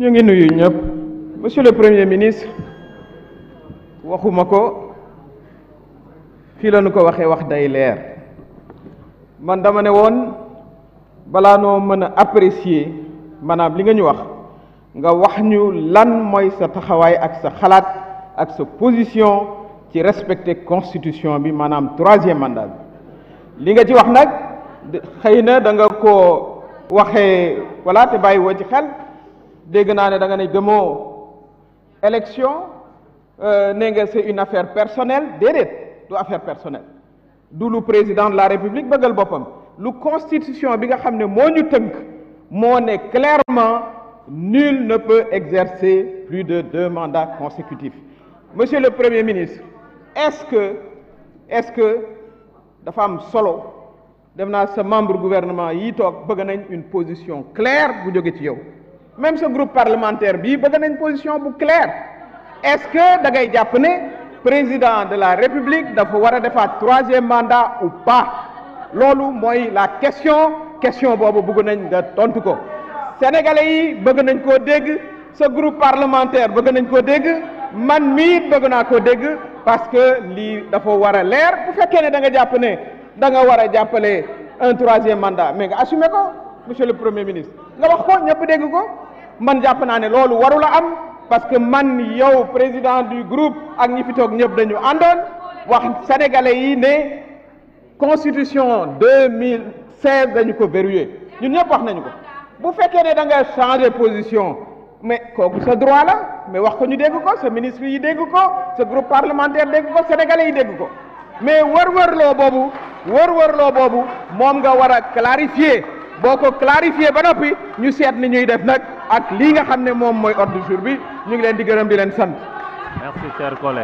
ñu ngi nuyu ñëpp monsieur le premier ministre waxuma ko fii la ko waxee wax day leer man dama ne woon balaa noo mën a apprécier maanaam li nga ñu wax nga wax ñu lan mooy sa taxawaay ak sa xalaat ak sa position ci respecter constitution bi maanaam troisième mandat bi li nga ci wax nag xëy na da nga koo waxee walla te bàyyi woo ci xel dégg naa ne da nga ne gëmoo élection euh, nee nga c'est une affaire personnelle déedéet du affaire personnelle du lu président de la république bëggal boppam lu constitution bi nga xam ne moo ñu tënk moo ne clairement nul ne peut exercer plus de deux mandats consécutifs monsieur le premier ministre est-ce que est-ce que dafa am solo dem naa sa membre gouvernement yi toog bëgg nañ une position claire bu jógee ci yow même ce groupe parlementaire bii bëgg nañ position bu claire est-ce que da ngay jàpp ne président de la république dafa war a defaat troisième mandat ou pas loolu mooy la question question boobu bëgg nañ nga tontu ko sénégalais yi bëgg nañ ko dégg ce groupe parlementaire bëgg nañ koo dégg man mii bëgg naa ko dégg parce que lii dafa war a leer bu fekkee ne da nga jàpp ne da nga war a jàppale un troisième mandat mais nga assumer ko monsieur le premier ministre nga wax ko ñëpp dégg ko man jàpp naa ne loolu warula am parce que man yow président du groupe ak ñi fi toog ñëpp dañu àndoon wax sénégalais yi ne constitution 2016 dañu ko verrouillé ñun ñëpp wax nañu ko bu fekkee ne da nga changer position mais kooku sa droit la mais wax ko ñu dégg ko sa ministre yi dégg ko sa groupe parlementaire dégg ko sénégalais yi dégg ko mais wër-wërloo boobu wër loo boobu moom nga war a clarifier boo ko clarifié ba noppi ñu seet ni ñuy def nag ak lii nga xam ne moom mooy ordre du bi ñu ngi leen di gërëm di leen sant. merci chers collègues.